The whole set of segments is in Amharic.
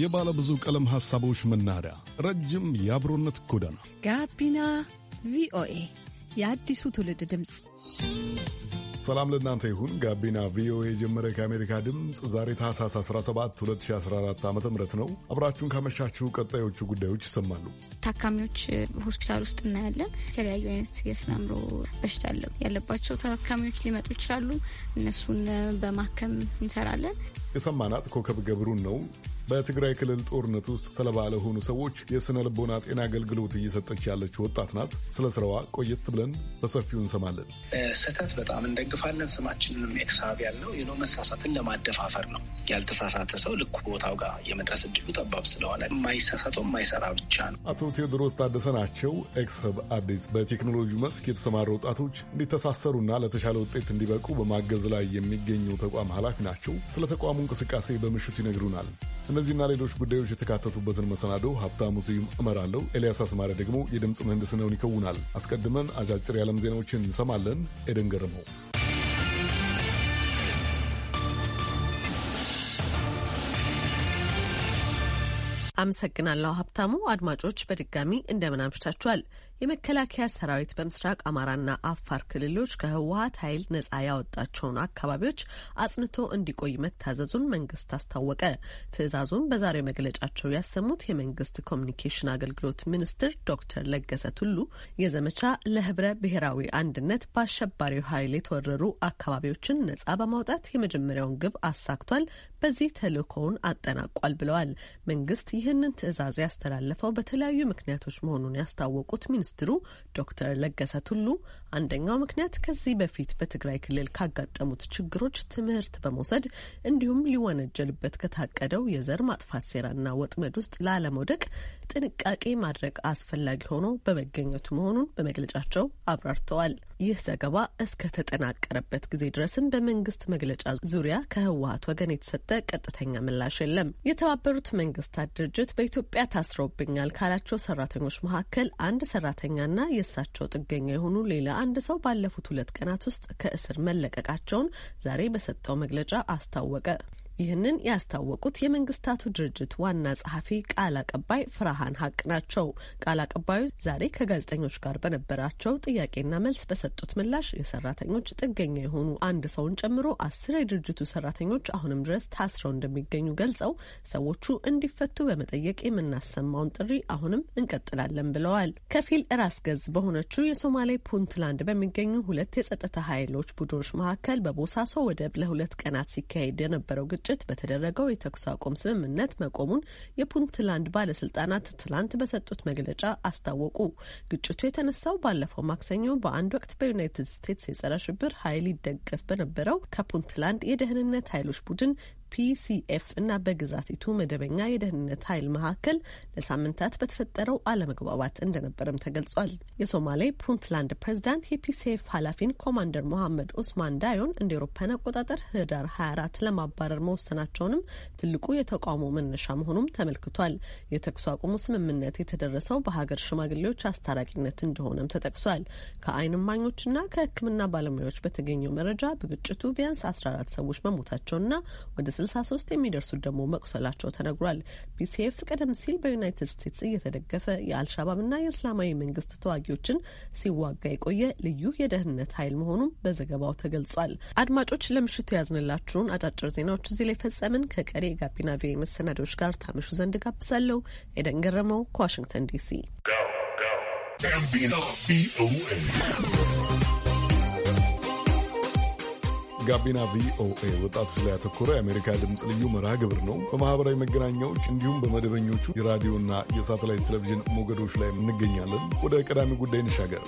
የባለ ብዙ ቀለም ሐሳቦች መናኸሪያ፣ ረጅም የአብሮነት ጎዳና ጋቢና ቪኦኤ የአዲሱ ትውልድ ድምፅ። ሰላም ለእናንተ ይሁን። ጋቢና ቪኦኤ የጀመረ ከአሜሪካ ድምፅ ዛሬ ታህሳስ 17 2014 ዓ ም ነው። አብራችሁን ካመሻችሁ ቀጣዮቹ ጉዳዮች ይሰማሉ። ታካሚዎች ሆስፒታል ውስጥ እናያለን። የተለያዩ አይነት የስነ አእምሮ በሽታ ያለባቸው ታካሚዎች ሊመጡ ይችላሉ። እነሱን በማከም እንሰራለን። የሰማናት ኮከብ ገብሩን ነው። በትግራይ ክልል ጦርነት ውስጥ ሰለባ ለሆኑ ሰዎች የሥነ ልቦና ጤና አገልግሎት እየሰጠች ያለች ወጣት ናት። ስለ ስራዋ ቆየት ብለን በሰፊው እንሰማለን። ስህተት በጣም እንደግፋለን። ስማችንንም ኤክሳብ ያለው የኖ መሳሳትን ለማደፋፈር ነው። ያልተሳሳተ ሰው ልኩ ቦታው ጋር የመድረስ እድሉ ጠባብ ስለሆነ የማይሳሳተው የማይሰራ ብቻ ነው። አቶ ቴዎድሮስ ታደሰ ናቸው። ኤክስሀብ አዲስ በቴክኖሎጂ መስክ የተሰማሩ ወጣቶች እንዲተሳሰሩና ለተሻለ ውጤት እንዲበቁ በማገዝ ላይ የሚገኙ ተቋም ኃላፊ ናቸው። ስለ ተቋሙ እንቅስቃሴ በምሽቱ ይነግሩናል። እነዚህና ሌሎች ጉዳዮች የተካተቱበትን መሰናዶ ሀብታሙ ስዩም እመራለሁ። ኤልያስ አስማሪ ደግሞ የድምፅ ምህንድስናውን ይከውናል። አስቀድመን አጫጭር የዓለም ዜናዎችን እንሰማለን። ኤደን ገረመው አመሰግናለሁ ሀብታሙ። አድማጮች በድጋሚ እንደምን አምሽታችኋል? የመከላከያ ሰራዊት በምስራቅ አማራና አፋር ክልሎች ከህወሀት ኃይል ነጻ ያወጣቸውን አካባቢዎች አጽንቶ እንዲቆይ መታዘዙን መንግስት አስታወቀ። ትዕዛዙን በዛሬው መግለጫቸው ያሰሙት የመንግስት ኮሚኒኬሽን አገልግሎት ሚኒስትር ዶክተር ለገሰ ቱሉ የዘመቻ ለህብረ ብሔራዊ አንድነት በአሸባሪው ኃይል የተወረሩ አካባቢዎችን ነጻ በማውጣት የመጀመሪያውን ግብ አሳክቷል፣ በዚህ ተልእኮውን አጠናቋል ብለዋል። መንግስት ይህንን ትዕዛዝ ያስተላለፈው በተለያዩ ምክንያቶች መሆኑን ያስታወቁት ሚኒስትሩ ሚኒስትሩ ዶክተር ለገሰ ቱሉ አንደኛው ምክንያት ከዚህ በፊት በትግራይ ክልል ካጋጠሙት ችግሮች ትምህርት በመውሰድ እንዲሁም ሊወነጀልበት ከታቀደው የዘር ማጥፋት ሴራና ወጥመድ ውስጥ ላለመውደቅ ጥንቃቄ ማድረግ አስፈላጊ ሆኖ በመገኘቱ መሆኑን በመግለጫቸው አብራርተዋል። ይህ ዘገባ እስከተጠናቀረበት ጊዜ ድረስም በመንግስት መግለጫ ዙሪያ ከህወሀት ወገን የተሰጠ ቀጥተኛ ምላሽ የለም። የተባበሩት መንግስታት ድርጅት በኢትዮጵያ ታስረውብኛል ካላቸው ሰራተኞች መካከል አንድ ሰራተኛና የእሳቸው ጥገኛ የሆኑ ሌላ አንድ ሰው ባለፉት ሁለት ቀናት ውስጥ ከእስር መለቀቃቸውን ዛሬ በሰጠው መግለጫ አስታወቀ። ይህንን ያስታወቁት የመንግስታቱ ድርጅት ዋና ጸሐፊ ቃል አቀባይ ፍርሃን ሀቅ ናቸው። ቃል አቀባዩ ዛሬ ከጋዜጠኞች ጋር በነበራቸው ጥያቄና መልስ በሰጡት ምላሽ የሰራተኞች ጥገኛ የሆኑ አንድ ሰውን ጨምሮ አስር የድርጅቱ ሰራተኞች አሁንም ድረስ ታስረው እንደሚገኙ ገልጸው ሰዎቹ እንዲፈቱ በመጠየቅ የምናሰማውን ጥሪ አሁንም እንቀጥላለን ብለዋል። ከፊል ራስ ገዝ በሆነችው የሶማሌ ፑንትላንድ በሚገኙ ሁለት የጸጥታ ኃይሎች ቡድኖች መካከል በቦሳሶ ወደብ ለሁለት ቀናት ሲካሄድ የነበረው ግጭት ግጭት በተደረገው የተኩስ አቁም ስምምነት መቆሙን የፑንትላንድ ባለስልጣናት ትላንት በሰጡት መግለጫ አስታወቁ። ግጭቱ የተነሳው ባለፈው ማክሰኞ በአንድ ወቅት በዩናይትድ ስቴትስ የጸረ ሽብር ኃይል ይደገፍ በነበረው ከፑንትላንድ የደህንነት ኃይሎች ቡድን ፒሲኤፍ እና በግዛቲቱ መደበኛ የደህንነት ኃይል መካከል ለሳምንታት በተፈጠረው አለመግባባት እንደነበረም ተገልጿል። የሶማሌ ፑንትላንድ ፕሬዚዳንት የፒሲኤፍ ኃላፊን ኮማንደር ሞሐመድ ኡስማን ዳዮን እንደ ኤሮፓን አቆጣጠር ህዳር 24 ለማባረር መወሰናቸውንም ትልቁ የተቃውሞ መነሻ መሆኑም ተመልክቷል። የተኩስ አቁሙ ስምምነት የተደረሰው በሀገር ሽማግሌዎች አስታራቂነት እንደሆነም ተጠቅሷል። ከአይን እማኞችና ከሕክምና ባለሙያዎች በተገኘው መረጃ በግጭቱ ቢያንስ 14 ሰዎች መሞታቸውና ወደ 63 የሚደርሱት ደግሞ መቁሰላቸው ተነግሯል። ቢሲኤፍ ቀደም ሲል በዩናይትድ ስቴትስ እየተደገፈ የአልሻባብና የእስላማዊ መንግስት ተዋጊዎችን ሲዋጋ የቆየ ልዩ የደህንነት ኃይል መሆኑም በዘገባው ተገልጿል። አድማጮች ለምሽቱ ያዝንላችሁን አጫጭር ዜናዎች እዚህ ላይ ፈጸምን። ከቀሪ የጋቢና ቪ መሰናዶዎች ጋር ታመሹ ዘንድ ጋብዛለሁ። ኤደን ገረመው ከዋሽንግተን ዲሲ ጋቢና ቪኦኤ ወጣቶች ላይ ያተኮረ የአሜሪካ ድምፅ ልዩ መርሃ ግብር ነው። በማህበራዊ መገናኛዎች እንዲሁም በመደበኞቹ የራዲዮና የሳተላይት ቴሌቪዥን ሞገዶች ላይ እንገኛለን። ወደ ቀዳሚ ጉዳይ እንሻገር።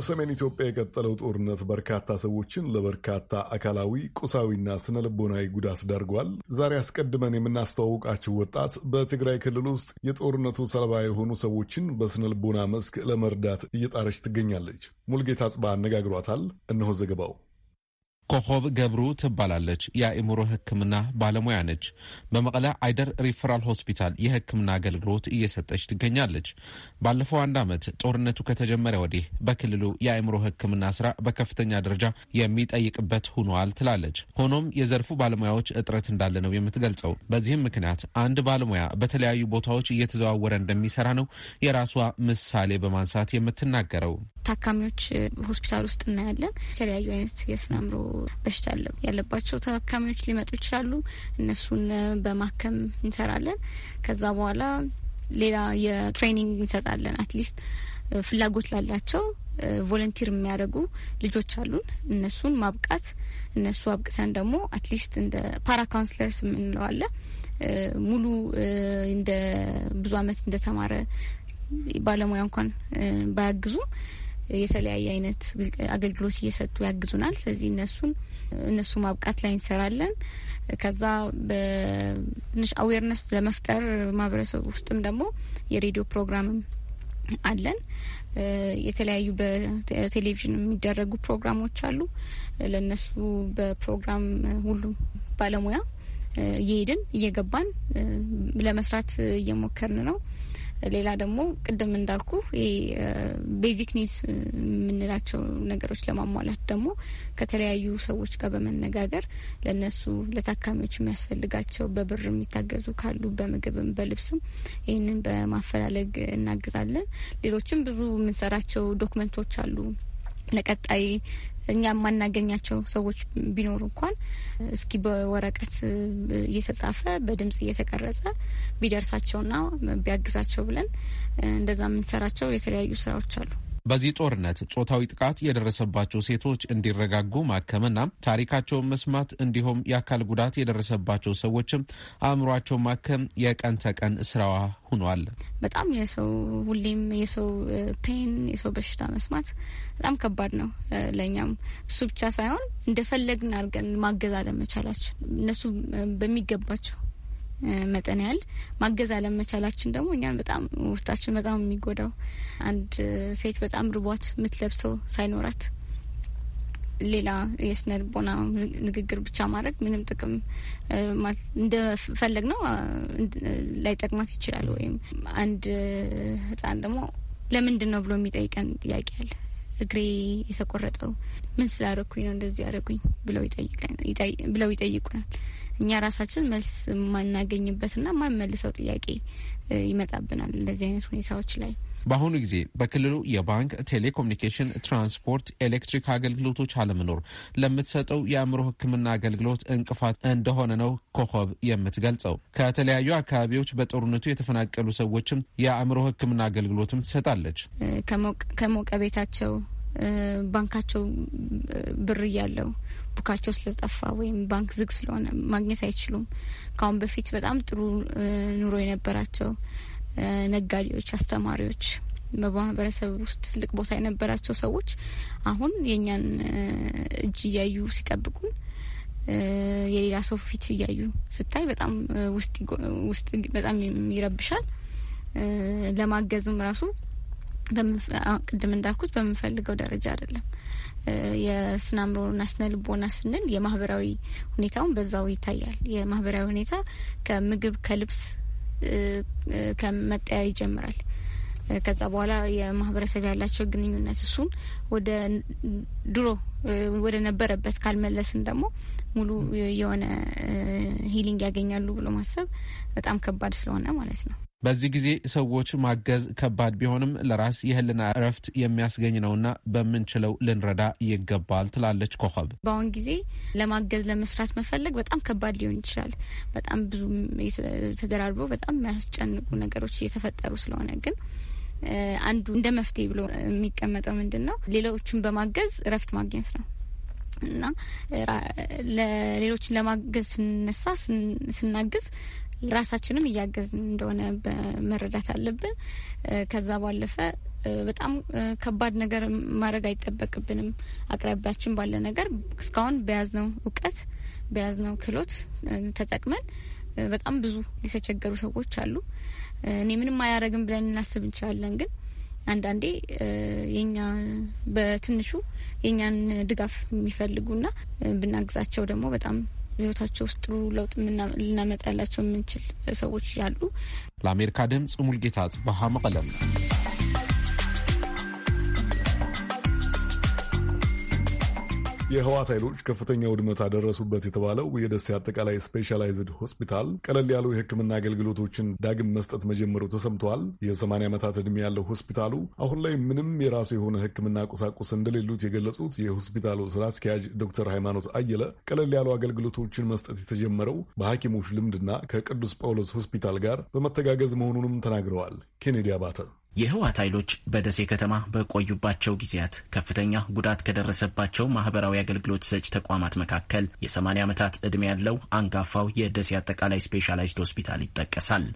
በሰሜን ኢትዮጵያ የቀጠለው ጦርነት በርካታ ሰዎችን ለበርካታ አካላዊ፣ ቁሳዊና ስነ ልቦናዊ ጉዳት ዳርጓል። ዛሬ አስቀድመን የምናስተዋውቃችሁ ወጣት በትግራይ ክልል ውስጥ የጦርነቱ ሰለባ የሆኑ ሰዎችን በስነ ልቦና መስክ ለመርዳት እየጣረች ትገኛለች። ሙልጌታ ጽባ አነጋግሯታል። እነሆ ዘገባው። ኮሆብ ገብሩ ትባላለች። የአእምሮ ሕክምና ባለሙያ ነች። በመቀለ አይደር ሪፈራል ሆስፒታል የሕክምና አገልግሎት እየሰጠች ትገኛለች። ባለፈው አንድ ዓመት ጦርነቱ ከተጀመረ ወዲህ በክልሉ የአእምሮ ሕክምና ስራ በከፍተኛ ደረጃ የሚጠይቅበት ሆኗል ትላለች። ሆኖም የዘርፉ ባለሙያዎች እጥረት እንዳለ ነው የምትገልጸው። በዚህም ምክንያት አንድ ባለሙያ በተለያዩ ቦታዎች እየተዘዋወረ እንደሚሰራ ነው የራሷ ምሳሌ በማንሳት የምትናገረው። ታካሚዎች ሆስፒታል ውስጥ እናያለን። የተለያዩ አይነት የስነ አእምሮ በሽታ ያለባቸው ታካሚዎች ሊመጡ ይችላሉ። እነሱን በማከም እንሰራለን። ከዛ በኋላ ሌላ የትሬኒንግ እንሰጣለን። አትሊስት ፍላጎት ላላቸው ቮለንቲር የሚያደርጉ ልጆች አሉን። እነሱን ማብቃት እነሱ አብቅተን ደግሞ አትሊስት እንደ ፓራ ካውንስለርስ የምንለዋለ ሙሉ እንደ ብዙ አመት እንደተማረ ባለሙያ እንኳን ባያግዙ የተለያየ አይነት አገልግሎት እየሰጡ ያግዙናል። ስለዚህ እነሱን እነሱ ማብቃት ላይ እንሰራለን። ከዛ በትንሽ አዌርነስ ለመፍጠር ማህበረሰብ ውስጥም ደግሞ የሬዲዮ ፕሮግራምም አለን። የተለያዩ በቴሌቪዥን የሚደረጉ ፕሮግራሞች አሉ። ለእነሱ በፕሮግራም ሁሉም ባለሙያ እየሄድን እየገባን ለመስራት እየሞከርን ነው። ሌላ ደግሞ ቅድም እንዳልኩ ቤዚክ ኒድስ የምንላቸው ነገሮች ለማሟላት ደግሞ ከተለያዩ ሰዎች ጋር በመነጋገር ለእነሱ ለታካሚዎች የሚያስፈልጋቸው በብር የሚታገዙ ካሉ በምግብም በልብስም ይህንን በማፈላለግ እናግዛለን። ሌሎችም ብዙ የምንሰራቸው ዶክመንቶች አሉ። ለቀጣይ እኛ የማናገኛቸው ሰዎች ቢኖሩ እንኳን እስኪ በወረቀት እየተጻፈ በድምጽ እየተቀረጸ ቢደርሳቸውና ቢያግዛቸው ብለን እንደዛ የምንሰራቸው የተለያዩ ስራዎች አሉ። በዚህ ጦርነት ጾታዊ ጥቃት የደረሰባቸው ሴቶች እንዲረጋጉ ማከምና ታሪካቸውን መስማት እንዲሁም የአካል ጉዳት የደረሰባቸው ሰዎችም አእምሯቸው ማከም የቀን ተቀን ስራዋ ሆኗል። በጣም የሰው ሁሌም የሰው ፔን የሰው በሽታ መስማት በጣም ከባድ ነው ለእኛም። እሱ ብቻ ሳይሆን እንደፈለግን አድርገን ማገዝ አለመቻላችን እነሱ በሚገባቸው መጠን ያህል ማገዝ አለመቻላችን ደግሞ እኛን በጣም ውስጣችን በጣም የሚጎዳው አንድ ሴት በጣም ርቧት የምትለብሰው ሳይኖራት ሌላ የስነ ልቦና ንግግር ብቻ ማድረግ ምንም ጥቅም እንደፈለግ ነው ላይጠቅማት ይችላል። ወይም አንድ ህጻን ደግሞ ለምንድን ነው ብሎ የሚጠይቀን ጥያቄ አለ። እግሬ የተቆረጠው ምን ስላረኩኝ ነው እንደዚህ ያደረጉኝ ብለው ይጠይቁናል። እኛ ራሳችን መልስ የማናገኝበትና ማንመልሰው ጥያቄ ይመጣብናል እንደዚህ አይነት ሁኔታዎች ላይ። በአሁኑ ጊዜ በክልሉ የባንክ፣ ቴሌኮሙኒኬሽን፣ ትራንስፖርት፣ ኤሌክትሪክ አገልግሎቶች አለመኖር ለምትሰጠው የአእምሮ ሕክምና አገልግሎት እንቅፋት እንደሆነ ነው ኮኸብ የምትገልጸው። ከተለያዩ አካባቢዎች በጦርነቱ የተፈናቀሉ ሰዎችም የአእምሮ ሕክምና አገልግሎትም ትሰጣለች። ከሞቀ ቤታቸው ባንካቸው ብር እያለው ቡካቸው ስለጠፋ ወይም ባንክ ዝግ ስለሆነ ማግኘት አይችሉም። ከአሁን በፊት በጣም ጥሩ ኑሮ የነበራቸው ነጋዴዎች፣ አስተማሪዎች፣ በማህበረሰብ ውስጥ ትልቅ ቦታ የነበራቸው ሰዎች አሁን የእኛን እጅ እያዩ ሲጠብቁን የሌላ ሰው ፊት እያዩ ስታይ በጣም ውስጥ በጣም ይረብሻል። ለማገዝም ራሱ ቅድም እንዳልኩት በምንፈልገው ደረጃ አይደለም። የስነ አእምሮና ስነ ልቦና ስንል የማህበራዊ ሁኔታውን በዛው ይታያል። የማህበራዊ ሁኔታ ከምግብ፣ ከልብስ፣ ከመጠያ ይጀምራል። ከዛ በኋላ የማህበረሰብ ያላቸው ግንኙነት እሱን ወደ ድሮ ወደ ነበረበት ካልመለስን ደግሞ ሙሉ የሆነ ሂሊንግ ያገኛሉ ብሎ ማሰብ በጣም ከባድ ስለሆነ ማለት ነው። በዚህ ጊዜ ሰዎች ማገዝ ከባድ ቢሆንም ለራስ የህልና እረፍት የሚያስገኝ ነውና በምንችለው ልንረዳ ይገባል ትላለች ኮኸብ። በአሁን ጊዜ ለማገዝ ለመስራት መፈለግ በጣም ከባድ ሊሆን ይችላል። በጣም ብዙ ተደራርበው በጣም የሚያስጨንቁ ነገሮች እየተፈጠሩ ስለሆነ ግን አንዱ እንደ መፍትሄ ብሎ የሚቀመጠው ምንድን ነው? ሌሎችን በማገዝ እረፍት ማግኘት ነው እና ሌሎችን ለማገዝ ስንነሳ ስናግዝ ራሳችንም እያገዝን እንደሆነ መረዳት አለብን። ከዛ ባለፈ በጣም ከባድ ነገር ማድረግ አይጠበቅብንም። አቅራቢያችን ባለ ነገር እስካሁን በያዝነው እውቀት በያዝነው ክህሎት ተጠቅመን በጣም ብዙ የተቸገሩ ሰዎች አሉ። እኔ ምንም አያረግም ብለን እናስብ እንችላለን፣ ግን አንዳንዴ የኛ በትንሹ የእኛን ድጋፍ የሚፈልጉና ብናግዛቸው ደግሞ በጣም ህይወታቸው ውስጥ ጥሩ ለውጥ ልናመጣላቸው የምንችል ሰዎች ያሉ። ለአሜሪካ ድምፅ ሙልጌታ ጽባሀ መቀለም የህዋት ኃይሎች ከፍተኛ ውድመት አደረሱበት የተባለው የደሴ አጠቃላይ ስፔሻላይዝድ ሆስፒታል ቀለል ያሉ የህክምና አገልግሎቶችን ዳግም መስጠት መጀመሩ ተሰምተዋል። የ80 ዓመታት ዕድሜ ያለው ሆስፒታሉ አሁን ላይ ምንም የራሱ የሆነ ህክምና ቁሳቁስ እንደሌሉት የገለጹት የሆስፒታሉ ስራ አስኪያጅ ዶክተር ሃይማኖት አየለ ቀለል ያሉ አገልግሎቶችን መስጠት የተጀመረው በሐኪሞች ልምድና ከቅዱስ ጳውሎስ ሆስፒታል ጋር በመተጋገዝ መሆኑንም ተናግረዋል። ኬኔዲ አባተ የህወሓት ኃይሎች በደሴ ከተማ በቆዩባቸው ጊዜያት ከፍተኛ ጉዳት ከደረሰባቸው ማህበራዊ አገልግሎት ሰጭ ተቋማት መካከል የ80 ዓመታት ዕድሜ ያለው አንጋፋው የደሴ አጠቃላይ ስፔሻላይዝድ ሆስፒታል ይጠቀሳል።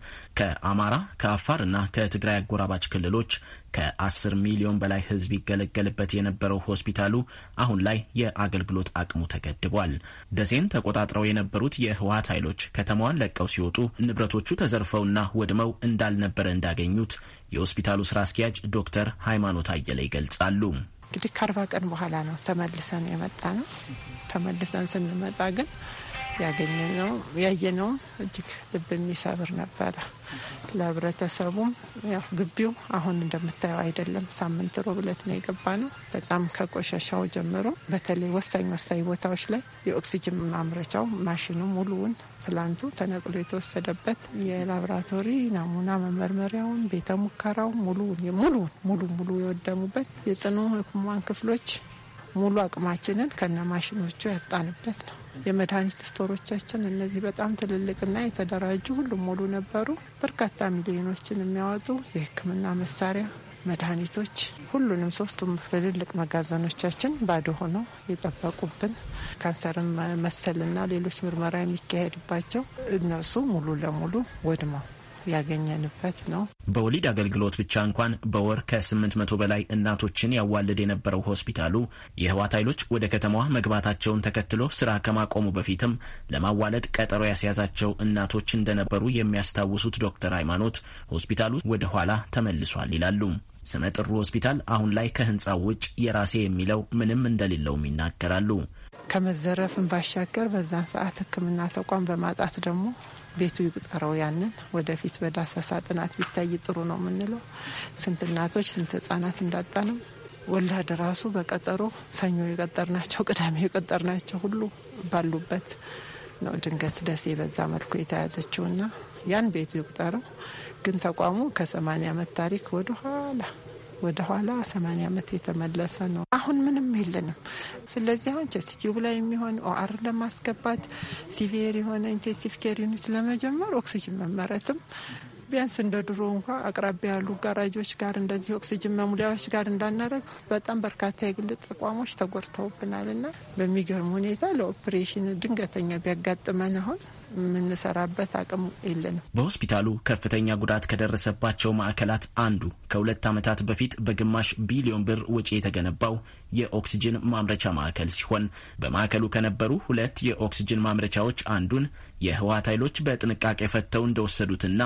ከአማራ ከአፋርና ከትግራይ አጎራባች ክልሎች ከ10 ሚሊዮን በላይ ህዝብ ይገለገልበት የነበረው ሆስፒታሉ አሁን ላይ የአገልግሎት አቅሙ ተገድቧል። ደሴን ተቆጣጥረው የነበሩት የህወሀት ኃይሎች ከተማዋን ለቀው ሲወጡ ንብረቶቹ ተዘርፈውና ወድመው እንዳልነበረ እንዳገኙት የሆስፒታሉ ስራ አስኪያጅ ዶክተር ሃይማኖት አየለ ይገልጻሉ። እንግዲህ ከአርባ ቀን በኋላ ነው ተመልሰን የመጣ ነው። ተመልሰን ስንመጣ ግን ያገኘነው ያየነውም እጅግ ልብ የሚሰብር ነበረ። ለህብረተሰቡም ያው ግቢው አሁን እንደምታየው አይደለም። ሳምንት ሮብ ዕለት ነው የገባ ነው። በጣም ከቆሻሻው ጀምሮ በተለይ ወሳኝ ወሳኝ ቦታዎች ላይ የኦክሲጅን ማምረቻው ማሽኑ ሙሉውን ፕላንቱ ተነቅሎ የተወሰደበት የላብራቶሪ ናሙና መመርመሪያውን ቤተ ሙከራው ሙሉውን ሙሉውን ሙሉ ሙሉ የወደሙበት የጽኑ ህሙማን ክፍሎች ሙሉ አቅማችንን ከነ ማሽኖቹ ያጣንበት ነው። የመድኃኒት ስቶሮቻችን እነዚህ በጣም ትልልቅና የተደራጁ ሁሉም ሙሉ ነበሩ። በርካታ ሚሊዮኖችን የሚያወጡ የሕክምና መሳሪያ መድኃኒቶች ሁሉንም ሶስቱም ትልልቅ መጋዘኖቻችን ባዶ ሆነው የጠበቁብን ካንሰር መሰልና ሌሎች ምርመራ የሚካሄድባቸው እነሱ ሙሉ ለሙሉ ወድመው ያገኘንበት ነው። በወሊድ አገልግሎት ብቻ እንኳን በወር ከ800 በላይ እናቶችን ያዋልድ የነበረው ሆስፒታሉ የህዋት ኃይሎች ወደ ከተማዋ መግባታቸውን ተከትሎ ስራ ከማቆሙ በፊትም ለማዋለድ ቀጠሮ ያስያዛቸው እናቶች እንደነበሩ የሚያስታውሱት ዶክተር ሃይማኖት ሆስፒታሉ ወደ ኋላ ተመልሷል ይላሉ። ስመጥሩ ሆስፒታል አሁን ላይ ከህንፃው ውጭ የራሴ የሚለው ምንም እንደሌለውም ይናገራሉ። ከመዘረፍን ባሻገር በዛን ሰዓት ህክምና ተቋም በማጣት ደግሞ ቤቱ ይቁጠረው። ያንን ወደፊት በዳሰሳ ጥናት ቢታይ ጥሩ ነው የምንለው። ስንት እናቶች ስንት ህጻናት እንዳጣንም ወላድ ራሱ በቀጠሮ ሰኞ የቀጠር ናቸው ቅዳሜ የቀጠር ናቸው ሁሉ ባሉበት ነው። ድንገት ደሴ በዛ መልኩ የተያዘችው ና ያን ቤቱ ይቁጠረው። ግን ተቋሙ ከሰማንያ ዓመት ታሪክ ወደኋላ ወደኋላ ሰማንያ ዓመት የተመለሰ ነው። አሁን ምንም የለንም። ስለዚህ አሁን ቸስቲቲቡ ላይ የሚሆን ኦአር ለማስገባት ሲቪየር የሆነ ኢንቴንሲቭ ኬር ዩኒት ለመጀመር ኦክሲጅን መመረትም ቢያንስ እንደ ድሮ እንኳ አቅራቢያ ያሉ ጋራጆች ጋር እንደዚህ ኦክሲጅን መሙሊያዎች ጋር እንዳናረግ በጣም በርካታ የግል ተቋሞች ተጎድተውብናል ና በሚገርም ሁኔታ ለኦፕሬሽን ድንገተኛ ቢያጋጥመን አሁን የምንሰራበት አቅም የለንም። በሆስፒታሉ ከፍተኛ ጉዳት ከደረሰባቸው ማዕከላት አንዱ ከሁለት ዓመታት በፊት በግማሽ ቢሊዮን ብር ወጪ የተገነባው የኦክስጅን ማምረቻ ማዕከል ሲሆን በማዕከሉ ከነበሩ ሁለት የኦክስጅን ማምረቻዎች አንዱን የህወሀት ኃይሎች በጥንቃቄ ፈተው እንደወሰዱትና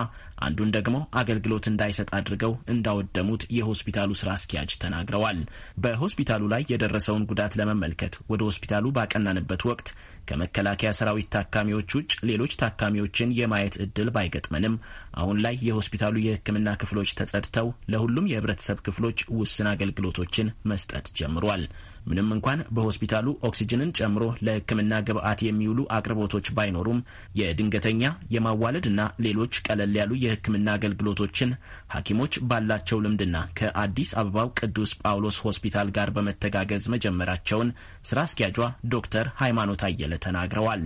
አንዱን ደግሞ አገልግሎት እንዳይሰጥ አድርገው እንዳወደሙት የሆስፒታሉ ስራ አስኪያጅ ተናግረዋል። በሆስፒታሉ ላይ የደረሰውን ጉዳት ለመመልከት ወደ ሆስፒታሉ ባቀናንበት ወቅት ከመከላከያ ሰራዊት ታካሚዎች ውጭ ሌሎች ታካሚዎችን የማየት እድል ባይገጥመንም አሁን ላይ የሆስፒታሉ የሕክምና ክፍሎች ተጸድተው ለሁሉም የህብረተሰብ ክፍሎች ውስን አገልግሎቶችን መስጠት ጀምሯል። ምንም እንኳን በሆስፒታሉ ኦክሲጅንን ጨምሮ ለሕክምና ግብአት የሚውሉ አቅርቦቶች ባይኖሩም የድንገተኛ የማዋለድና ሌሎች ቀለል ያሉ የሕክምና አገልግሎቶችን ሐኪሞች ባላቸው ልምድና ከአዲስ አበባው ቅዱስ ጳውሎስ ሆስፒታል ጋር በመተጋገዝ መጀመራቸውን ስራ አስኪያጇ ዶክተር ሃይማኖት አየለ ተናግረዋል።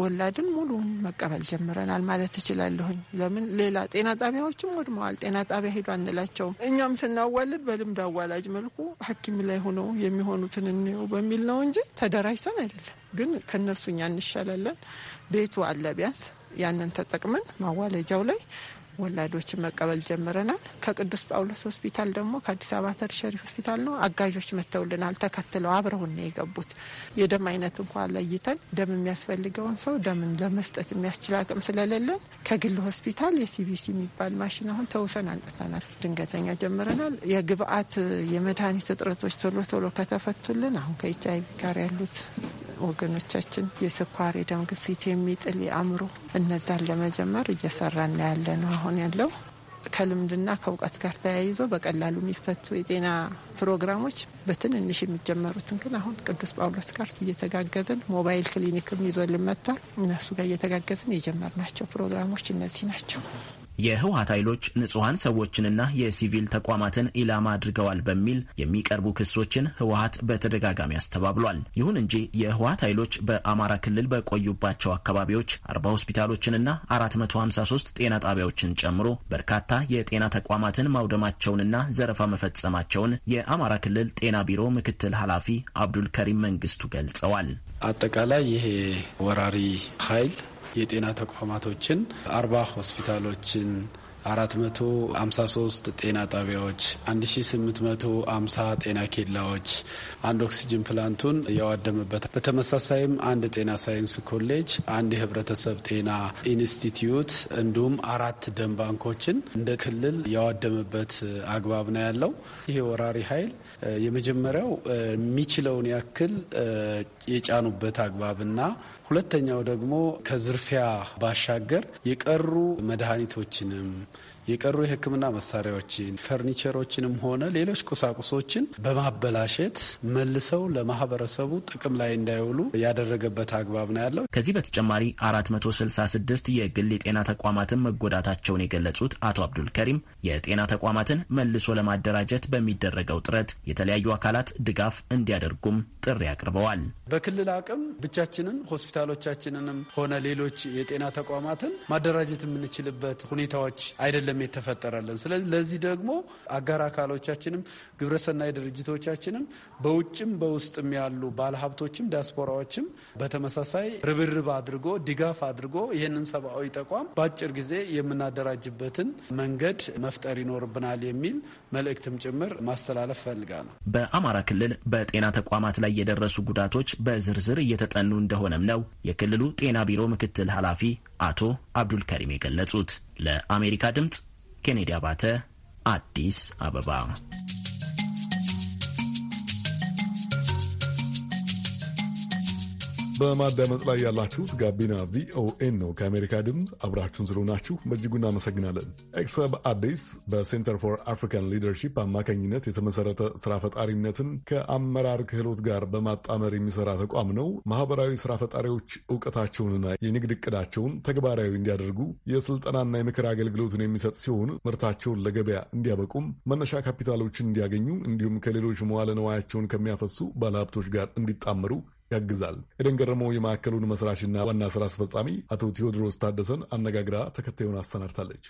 ወላድን ሙሉን መቀበል ጀምረናል ማለት እችላለሁኝ። ለምን ሌላ ጤና ጣቢያዎችም ወድመዋል። ጤና ጣቢያ ሄዱ አንላቸውም። እኛም ስናዋልድ በልምድ አዋላጅ መልኩ ሐኪም ላይ ሆነው የሚሆኑትን እንየው በሚል ነው እንጂ ተደራጅተን አይደለም። ግን ከነሱ እኛ እንሻላለን። ቤቱ አለ ቢያንስ ያንን ተጠቅመን ማዋለጃው ላይ ወላዶችን መቀበል ጀምረናል። ከቅዱስ ጳውሎስ ሆስፒታል ደግሞ ከአዲስ አበባ ተርሸሪ ሆስፒታል ነው አጋዦች መጥተውልናል። ተከትለው አብረውን ነው የገቡት። የደም አይነት እንኳ ለይተን ደም የሚያስፈልገውን ሰው ደምን ለመስጠት የሚያስችል አቅም ስለሌለን ከግል ሆስፒታል የሲቢሲ የሚባል ማሽን አሁን ተውሰን አንጥተናል። ድንገተኛ ጀምረናል። የግብአት የመድኃኒት እጥረቶች ቶሎ ቶሎ ከተፈቱልን አሁን ከኤች አይቪ ጋር ያሉት ወገኖቻችን የስኳር፣ የደም ግፊት የሚጥል የአእምሮ እነዛን ለመጀመር እየሰራና ያለ ነው አሁን ያለው ከልምድና ከእውቀት ጋር ተያይዞ በቀላሉ የሚፈቱ የጤና ፕሮግራሞች በትንንሽ የሚጀመሩትን ግን አሁን ቅዱስ ጳውሎስ ጋር እየተጋገዝን ሞባይል ክሊኒክም ይዞልን መጥቷል። እነሱ ጋር እየተጋገዝን የጀመርናቸው ፕሮግራሞች እነዚህ ናቸው። የህወሀት ኃይሎች ንጹሐን ሰዎችንና የሲቪል ተቋማትን ኢላማ አድርገዋል በሚል የሚቀርቡ ክሶችን ህወሀት በተደጋጋሚ አስተባብሏል። ይሁን እንጂ የህወሀት ኃይሎች በአማራ ክልል በቆዩባቸው አካባቢዎች አርባ ሆስፒታሎችንና 453 ጤና ጣቢያዎችን ጨምሮ በርካታ የጤና ተቋማትን ማውደማቸውንና ዘረፋ መፈጸማቸውን የአማራ ክልል ጤና ቢሮ ምክትል ኃላፊ አብዱልከሪም መንግስቱ ገልጸዋል። አጠቃላይ ይሄ ወራሪ ኃይል የጤና ተቋማቶችን አርባ ሆስፒታሎችን አራት መቶ አምሳ ሶስት ጤና ጣቢያዎች አንድ ሺ ስምንት መቶ አምሳ ጤና ኬላዎች አንድ ኦክሲጅን ፕላንቱን ያዋደመበታል በተመሳሳይም አንድ ጤና ሳይንስ ኮሌጅ አንድ የህብረተሰብ ጤና ኢንስቲትዩት እንዲሁም አራት ደም ባንኮችን እንደ ክልል ያዋደመበት አግባብ ነው ያለው። ይህ ወራሪ ኃይል የመጀመሪያው የሚችለውን ያክል የጫኑበት አግባብና ሁለተኛው ደግሞ ከዝርፊያ ባሻገር የቀሩ መድኃኒቶችንም የቀሩ የሕክምና መሳሪያዎችን ፈርኒቸሮችንም ሆነ ሌሎች ቁሳቁሶችን በማበላሸት መልሰው ለማህበረሰቡ ጥቅም ላይ እንዳይውሉ ያደረገበት አግባብ ነው ያለው። ከዚህ በተጨማሪ 466 የግል የጤና ተቋማትን መጎዳታቸውን የገለጹት አቶ አብዱል ከሪም የጤና ተቋማትን መልሶ ለማደራጀት በሚደረገው ጥረት የተለያዩ አካላት ድጋፍ እንዲያደርጉም ጥሪ አቅርበዋል። በክልል አቅም ብቻችንን ሆስፒታሎቻችንንም ሆነ ሌሎች የጤና ተቋማትን ማደራጀት የምንችልበት ሁኔታዎች አይደለም ስሜት ተፈጠረልን። ስለዚህ ለዚህ ደግሞ አጋር አካሎቻችንም ግብረሰናይ ድርጅቶቻችንም በውጭም በውስጥም ያሉ ባለሀብቶችም ዲያስፖራዎችም በተመሳሳይ ርብርብ አድርጎ ድጋፍ አድርጎ ይህንን ሰብአዊ ተቋም በአጭር ጊዜ የምናደራጅበትን መንገድ መፍጠር ይኖርብናል የሚል መልእክትም ጭምር ማስተላለፍ ፈልጋለሁ። በአማራ ክልል በጤና ተቋማት ላይ የደረሱ ጉዳቶች በዝርዝር እየተጠኑ እንደሆነም ነው የክልሉ ጤና ቢሮ ምክትል ኃላፊ አቶ አብዱል ከሪም የገለጹት። ለአሜሪካ ድምፅ ኬኔዲ አባተ አዲስ አበባ በማዳመጥ ላይ ያላችሁት ጋቢና ቪኦኤን ነው። ከአሜሪካ ድምፅ አብራችሁን ስለሆናችሁ በእጅጉ እናመሰግናለን። ኤክሰብ አዲስ በሴንተር ፎር አፍሪካን ሊደርሺፕ አማካኝነት የተመሰረተ ስራ ፈጣሪነትን ከአመራር ክህሎት ጋር በማጣመር የሚሰራ ተቋም ነው። ማህበራዊ ስራ ፈጣሪዎች እውቀታቸውንና የንግድ እቅዳቸውን ተግባራዊ እንዲያደርጉ የስልጠናና የምክር አገልግሎትን የሚሰጥ ሲሆን ምርታቸውን ለገበያ እንዲያበቁም መነሻ ካፒታሎችን እንዲያገኙ እንዲሁም ከሌሎች መዋለ ነዋያቸውን ከሚያፈሱ ባለሀብቶች ጋር እንዲጣመሩ ያግዛል። ኤደን ገረመው የማዕከሉን መስራችና ዋና ስራ አስፈጻሚ አቶ ቴዎድሮስ ታደሰን አነጋግራ ተከታዩን አሰናድታለች።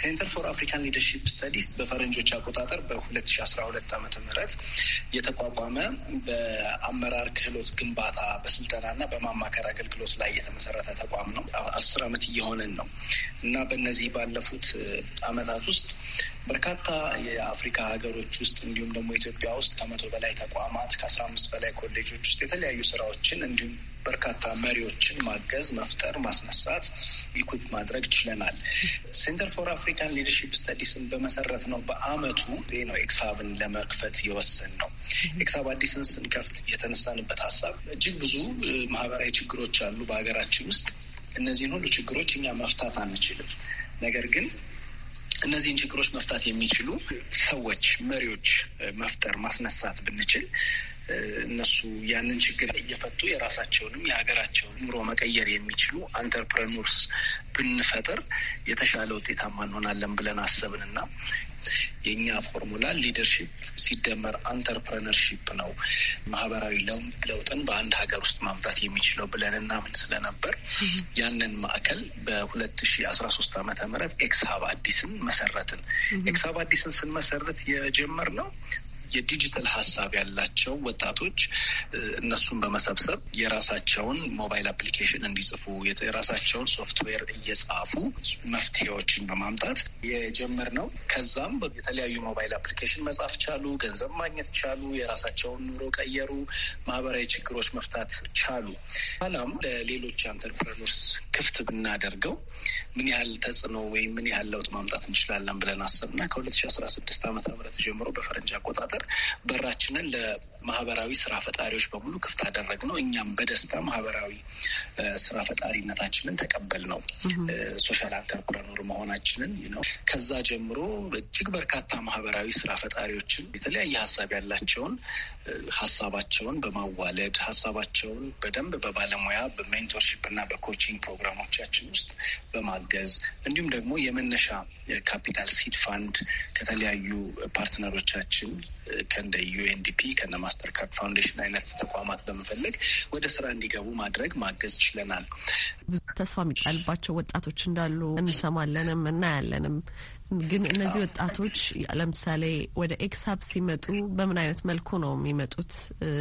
ሴንተር ፎር አፍሪካን ሊደርሺፕ ስተዲስ በፈረንጆች አቆጣጠር በ2012 ም የተቋቋመ በአመራር ክህሎት ግንባታ በስልጠናና በማማከር አገልግሎት ላይ የተመሰረተ ተቋም ነው። አስር ዓመት እየሆነን ነው እና በእነዚህ ባለፉት ዓመታት ውስጥ በርካታ የአፍሪካ ሀገሮች ውስጥ እንዲሁም ደግሞ ኢትዮጵያ ውስጥ ከመቶ በላይ ተቋማት ከአስራ አምስት በላይ ኮሌጆች ውስጥ የተለያዩ ስራ ስራዎችን እንዲሁም በርካታ መሪዎችን ማገዝ፣ መፍጠር፣ ማስነሳት፣ ኢኩፕ ማድረግ ችለናል። ሴንተር ፎር አፍሪካን ሊደርሺፕ ስተዲስን በመሰረት ነው በአመቱ ነው ኤክሳብን ለመክፈት የወሰን ነው። ኤክሳብ አዲስን ስንከፍት የተነሳንበት ሀሳብ እጅግ ብዙ ማህበራዊ ችግሮች አሉ በሀገራችን ውስጥ። እነዚህን ሁሉ ችግሮች እኛ መፍታት አንችልም። ነገር ግን እነዚህን ችግሮች መፍታት የሚችሉ ሰዎች፣ መሪዎች መፍጠር ማስነሳት ብንችል እነሱ ያንን ችግር እየፈቱ የራሳቸውንም የሀገራቸውን ኑሮ መቀየር የሚችሉ አንተርፕረኖርስ ብንፈጥር የተሻለ ውጤታማ እንሆናለን ብለን አሰብን እና የእኛ ፎርሙላ ሊደርሽፕ ሲደመር አንተርፕረነርሺፕ ነው ማህበራዊ ለውጥን በአንድ ሀገር ውስጥ ማምጣት የሚችለው ብለን እናምን ስለነበር ያንን ማዕከል በሁለት ሺ አስራ ሶስት ዓመተ ምህረት ኤክስሀብ አዲስን መሰረትን። ኤክስሀብ አዲስን ስንመሰርት ነው የዲጂታል ሀሳብ ያላቸው ወጣቶች እነሱን በመሰብሰብ የራሳቸውን ሞባይል አፕሊኬሽን እንዲጽፉ የራሳቸውን ሶፍትዌር እየጻፉ መፍትሄዎችን በማምጣት ነው። ከዛም የተለያዩ ሞባይል አፕሊኬሽን መጻፍ ቻሉ፣ ገንዘብ ማግኘት ቻሉ፣ የራሳቸውን ኑሮ ቀየሩ፣ ማህበራዊ ችግሮች መፍታት ቻሉ። ኋላም ለሌሎች አንተርፕረኖርስ ክፍት ብናደርገው ምን ያህል ተጽዕኖ ወይም ምን ያህል ለውጥ ማምጣት እንችላለን ብለን አሰብና ከሁለት ሺ አስራ ስድስት ጀምሮ በፈረንጅ አቆጣጠር በራችንን ማህበራዊ ስራ ፈጣሪዎች በሙሉ ክፍት አደረግ ነው። እኛም በደስታ ማህበራዊ ስራ ፈጣሪነታችንን ተቀበል ነው። ሶሻል አንተርፕረኖር መሆናችንን ነው። ከዛ ጀምሮ እጅግ በርካታ ማህበራዊ ስራ ፈጣሪዎችን የተለያየ ሀሳብ ያላቸውን ሀሳባቸውን በማዋለድ ሀሳባቸውን በደንብ በባለሙያ በሜንቶርሽፕ እና በኮቺንግ ፕሮግራሞቻችን ውስጥ በማገዝ እንዲሁም ደግሞ የመነሻ ካፒታል ሲድ ፋንድ ከተለያዩ ፓርትነሮቻችን ከእንደ ዩኤንዲፒ ከነማ ማስተር ፋውንዴሽን አይነት ተቋማት በመፈለግ ወደ ስራ እንዲገቡ ማድረግ ማገዝ ችለናል። ተስፋ የሚጣልባቸው ወጣቶች እንዳሉ እንሰማለንም እናያለንም። ግን እነዚህ ወጣቶች ለምሳሌ ወደ ኤክሳብ ሲመጡ በምን አይነት መልኩ ነው የሚመጡት?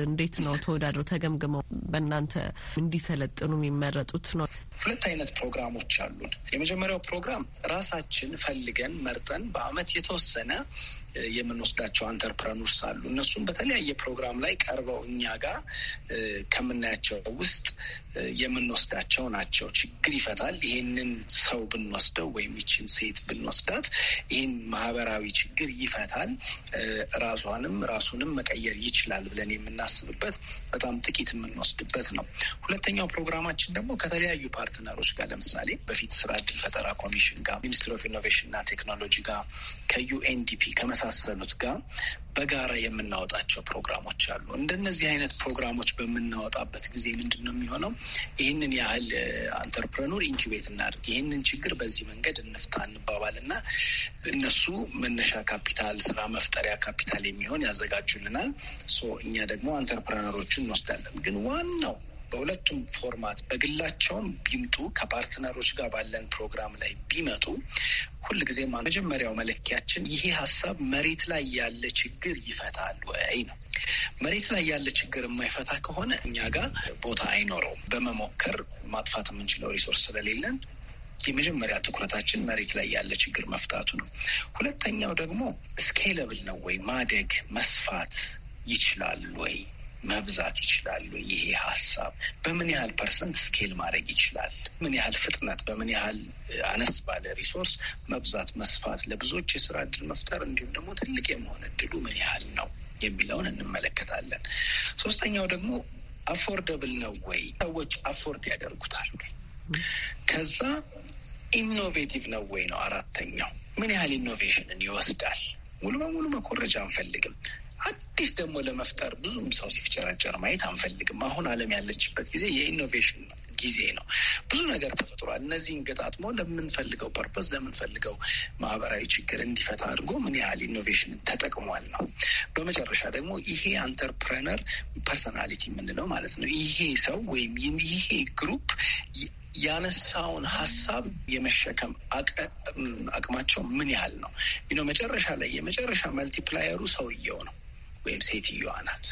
እንዴት ነው ተወዳድሮ ተገምግመው በእናንተ እንዲሰለጥኑ የሚመረጡት? ነው ሁለት አይነት ፕሮግራሞች አሉን። የመጀመሪያው ፕሮግራም ራሳችን ፈልገን መርጠን በአመት የተወሰነ የምንወስዳቸው አንተርፕረኖርስ አሉ። እነሱም በተለያየ ፕሮግራም ላይ ቀርበው እኛ ጋር ከምናያቸው ውስጥ የምንወስዳቸው ናቸው። ችግር ይፈታል። ይሄንን ሰው ብንወስደው ወይም ይችን ሴት ብንወስዳት ይህን ማህበራዊ ችግር ይፈታል፣ ራሷንም ራሱንም መቀየር ይችላል ብለን የምናስብበት በጣም ጥቂት የምንወስድበት ነው። ሁለተኛው ፕሮግራማችን ደግሞ ከተለያዩ ፓርትነሮች ጋር ለምሳሌ በፊት ስራ እድል ፈጠራ ኮሚሽን ጋር፣ ሚኒስትሪ ኦፍ ኢኖቬሽን እና ቴክኖሎጂ ጋር ከዩኤንዲፒ ከመሳሰሉት ጋር በጋራ የምናወጣቸው ፕሮግራሞች አሉ። እንደነዚህ አይነት ፕሮግራሞች በምናወጣበት ጊዜ ምንድን ነው የሚሆነው? ይህንን ያህል አንተርፕረኖር ኢንኪቤት እናድርግ፣ ይህንን ችግር በዚህ መንገድ እንፍታ እንባባል እና እነሱ መነሻ ካፒታል፣ ስራ መፍጠሪያ ካፒታል የሚሆን ያዘጋጁልናል። እኛ ደግሞ አንተርፕረነሮችን እንወስዳለን። ግን ዋናው በሁለቱም ፎርማት በግላቸውም ቢምጡ ከፓርትነሮች ጋር ባለን ፕሮግራም ላይ ቢመጡ ሁልጊዜ መጀመሪያው መለኪያችን ይሄ ሀሳብ መሬት ላይ ያለ ችግር ይፈታል ወይ ነው። መሬት ላይ ያለ ችግር የማይፈታ ከሆነ እኛ ጋር ቦታ አይኖረውም። በመሞከር ማጥፋት የምንችለው ሪሶርስ ስለሌለን የመጀመሪያ ትኩረታችን መሬት ላይ ያለ ችግር መፍታቱ ነው። ሁለተኛው ደግሞ ስኬለብል ነው ወይ ማደግ መስፋት ይችላል ወይ መብዛት ይችላሉ? ይሄ ሀሳብ በምን ያህል ፐርሰንት ስኬል ማድረግ ይችላል? ምን ያህል ፍጥነት፣ በምን ያህል አነስ ባለ ሪሶርስ መብዛት፣ መስፋት፣ ለብዙዎች የስራ እድል መፍጠር እንዲሁም ደግሞ ትልቅ የመሆን እድሉ ምን ያህል ነው የሚለውን እንመለከታለን። ሶስተኛው ደግሞ አፎርደብል ነው ወይ? ሰዎች አፎርድ ያደርጉታል ወይ? ከዛ ኢኖቬቲቭ ነው ወይ ነው አራተኛው። ምን ያህል ኢኖቬሽንን ይወስዳል? ሙሉ በሙሉ መኮረጃ አንፈልግም። አዲስ ደግሞ ለመፍጠር ብዙም ሰው ሲፍጨረጨር ማየት አንፈልግም። አሁን ዓለም ያለችበት ጊዜ የኢኖቬሽን ጊዜ ነው። ብዙ ነገር ተፈጥሯል። እነዚህን ገጣጥሞ ለምንፈልገው ፐርፖዝ ለምንፈልገው ማህበራዊ ችግር እንዲፈታ አድርጎ ምን ያህል ኢኖቬሽን ተጠቅሟል ነው። በመጨረሻ ደግሞ ይሄ አንተርፕረነር ፐርሰናሊቲ የምንለው ማለት ነው። ይሄ ሰው ወይም ይሄ ግሩፕ ያነሳውን ሀሳብ የመሸከም አቅማቸው ምን ያህል ነው? መጨረሻ ላይ የመጨረሻ መልቲፕላየሩ ሰውየው ነው። ወይም ሴትዮዋ ናት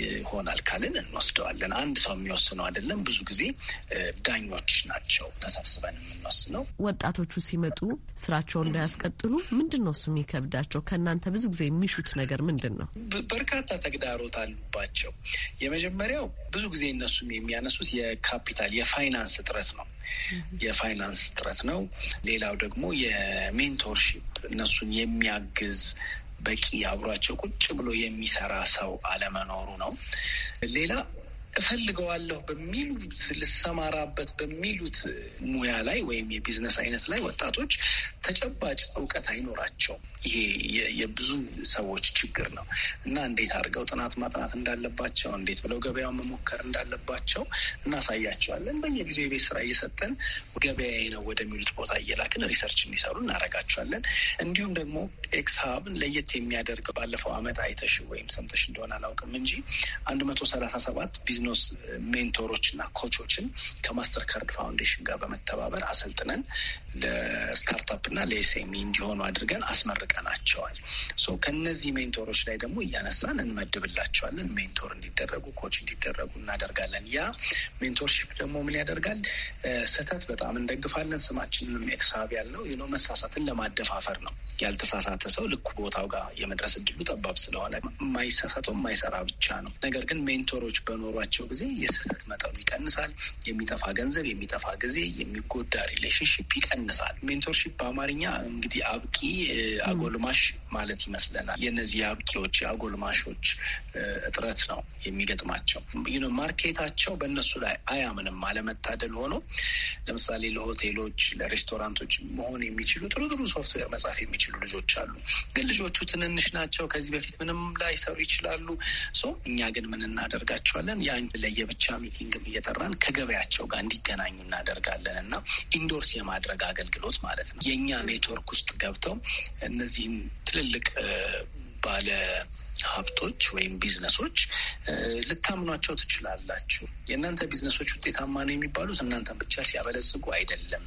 ይሆናል ካልን እንወስደዋለን። አንድ ሰው የሚወስነው አይደለም። ብዙ ጊዜ ዳኞች ናቸው ተሰብስበን የምንወስነው። ወጣቶቹ ሲመጡ ስራቸውን እንዳያስቀጥሉ ምንድን ነው እሱ የሚከብዳቸው? ከእናንተ ብዙ ጊዜ የሚሹት ነገር ምንድን ነው? በርካታ ተግዳሮት አሉባቸው። የመጀመሪያው ብዙ ጊዜ እነሱም የሚያነሱት የካፒታል የፋይናንስ እጥረት ነው የፋይናንስ እጥረት ነው። ሌላው ደግሞ የሜንቶርሺፕ እነሱን የሚያግዝ በቂ አብሯቸው ቁጭ ብሎ የሚሰራ ሰው አለመኖሩ ነው። ሌላ እፈልገዋለሁ በሚሉት ልሰማራበት በሚሉት ሙያ ላይ ወይም የቢዝነስ አይነት ላይ ወጣቶች ተጨባጭ እውቀት አይኖራቸውም። ይሄ የብዙ ሰዎች ችግር ነው እና እንዴት አድርገው ጥናት ማጥናት እንዳለባቸው፣ እንዴት ብለው ገበያ መሞከር እንዳለባቸው እናሳያቸዋለን። በየጊዜው የቤት ስራ እየሰጠን ገበያ ነው ወደሚሉት ቦታ እየላክን ሪሰርች እንዲሰሩ እናደርጋቸዋለን። እንዲሁም ደግሞ ኤክስሀብን ለየት የሚያደርግ ባለፈው አመት አይተሽ ወይም ሰምተሽ እንደሆነ አላውቅም እንጂ አንድ መቶ ሰላሳ ሰባት የቢዝነስ ሜንቶሮች እና ኮቾችን ከማስተር ካርድ ፋውንዴሽን ጋር በመተባበር አሰልጥነን ለስታርታፕ እና ለኤስኤምኢ እንዲሆኑ አድርገን አስመርቀናቸዋል። ከነዚህ ሜንቶሮች ላይ ደግሞ እያነሳን እንመድብላቸዋለን። ሜንቶር እንዲደረጉ ኮች እንዲደረጉ እናደርጋለን። ያ ሜንቶርሺፕ ደግሞ ምን ያደርጋል? ስህተት በጣም እንደግፋለን። ስማችንንም ኤክስሀብ ያለው ይኖ መሳሳትን ለማደፋፈር ነው። ያልተሳሳተ ሰው ልኩ ቦታው ጋር የመድረስ እድሉ ጠባብ ስለሆነ የማይሳሳተው የማይሰራ ብቻ ነው። ነገር ግን ሜንቶሮች በኖሯቸው በምንሄድባቸው ጊዜ የስህተት መጠኑ ይቀንሳል። የሚጠፋ ገንዘብ፣ የሚጠፋ ጊዜ፣ የሚጎዳ ሪሌሽንሽፕ ይቀንሳል። ሜንቶርሺፕ በአማርኛ እንግዲህ አብቂ አጎልማሽ ማለት ይመስለናል። የነዚህ አብቂዎች አጎልማሾች እጥረት ነው የሚገጥማቸው። ማርኬታቸው በእነሱ ላይ አያምንም። አለመታደል ሆኖ ለምሳሌ ለሆቴሎች፣ ለሬስቶራንቶች መሆን የሚችሉ ጥሩ ጥሩ ሶፍትዌር መጻፍ የሚችሉ ልጆች አሉ። ግን ልጆቹ ትንንሽ ናቸው። ከዚህ በፊት ምንም ላይሰሩ ይችላሉ። እኛ ግን ምን እናደርጋቸዋለን? ያ ለየብቻ ሚቲንግም እየጠራን ከገበያቸው ጋር እንዲገናኙ እናደርጋለን እና ኢንዶርስ የማድረግ አገልግሎት ማለት ነው። የእኛ ኔትወርክ ውስጥ ገብተው እነዚህም ትልልቅ ባለ ሀብቶች ወይም ቢዝነሶች ልታምኗቸው ትችላላችሁ። የእናንተ ቢዝነሶች ውጤታማ ነው የሚባሉት እናንተን ብቻ ሲያበለጽጉ አይደለም፣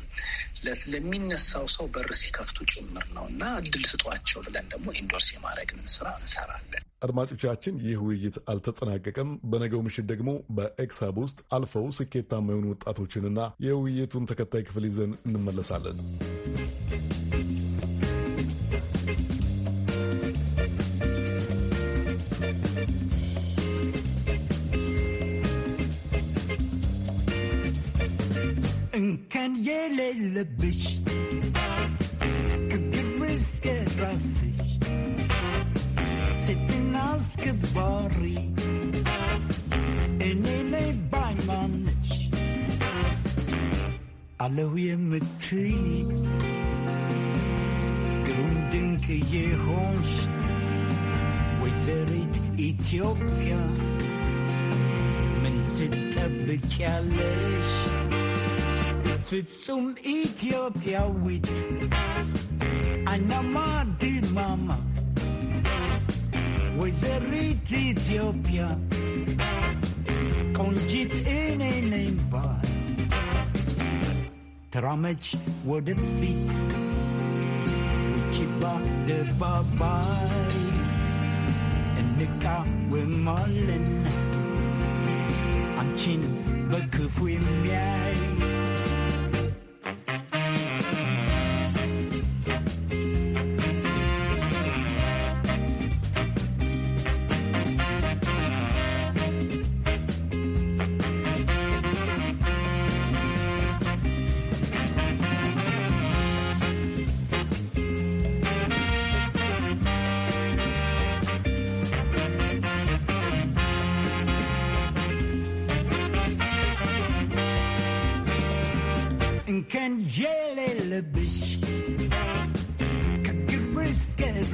ለሚነሳው ሰው በር ሲከፍቱ ጭምር ነው እና እድል ስጧቸው ብለን ደግሞ ኢንዶርስ የማድረግን ስራ እንሰራለን። አድማጮቻችን፣ ይህ ውይይት አልተጠናቀቀም። በነገው ምሽት ደግሞ በኤክሳብ ውስጥ አልፈው ስኬታማ የሆኑ ወጣቶችንና የውይይቱን ተከታይ ክፍል ይዘን እንመለሳለን። and Jelele bist. Gebirske rassig, sitten ausgebari, in eine Beimannisch. Alle wir mit Trieb, Grundinke Jehons, Witherit Ethiopia, Mintet Tablet Challenge zum Ethiopia wheat. Anama di mama with a rich Ethiopia. Conjit in a name by Tramage would feet. Uchiba the babai. And the car with Marlin. Anchin, but if we can yell at the bitch. can get risk as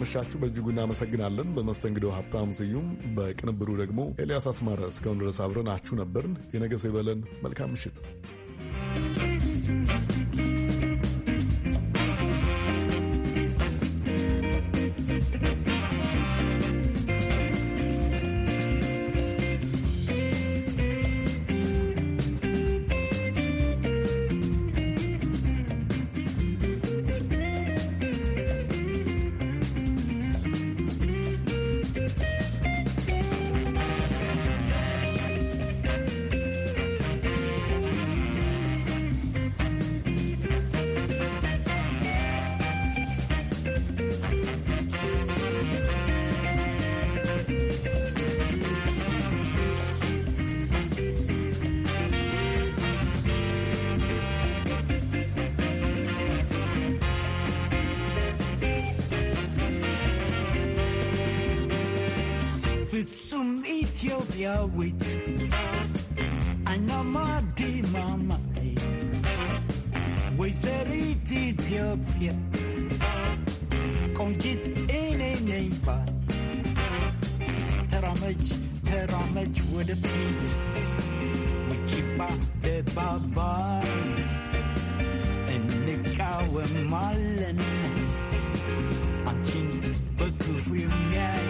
ስላመሻችሁ በእጅጉ እናመሰግናለን። በመስተንግዶ ሀብታም ስዩም፣ በቅንብሩ ደግሞ ኤልያስ አስማረ። እስካሁን ድረስ አብረናችሁ ነበርን። የነገ ሰው ይበለን። መልካም ምሽት። with some Ethiopia wheat and a Mahdi mama we a red Ethiopia conjit in a name by Teramage, Teramage with a beat Wichipa de Baba and Nikawa Malin Anchin Bakufu Miai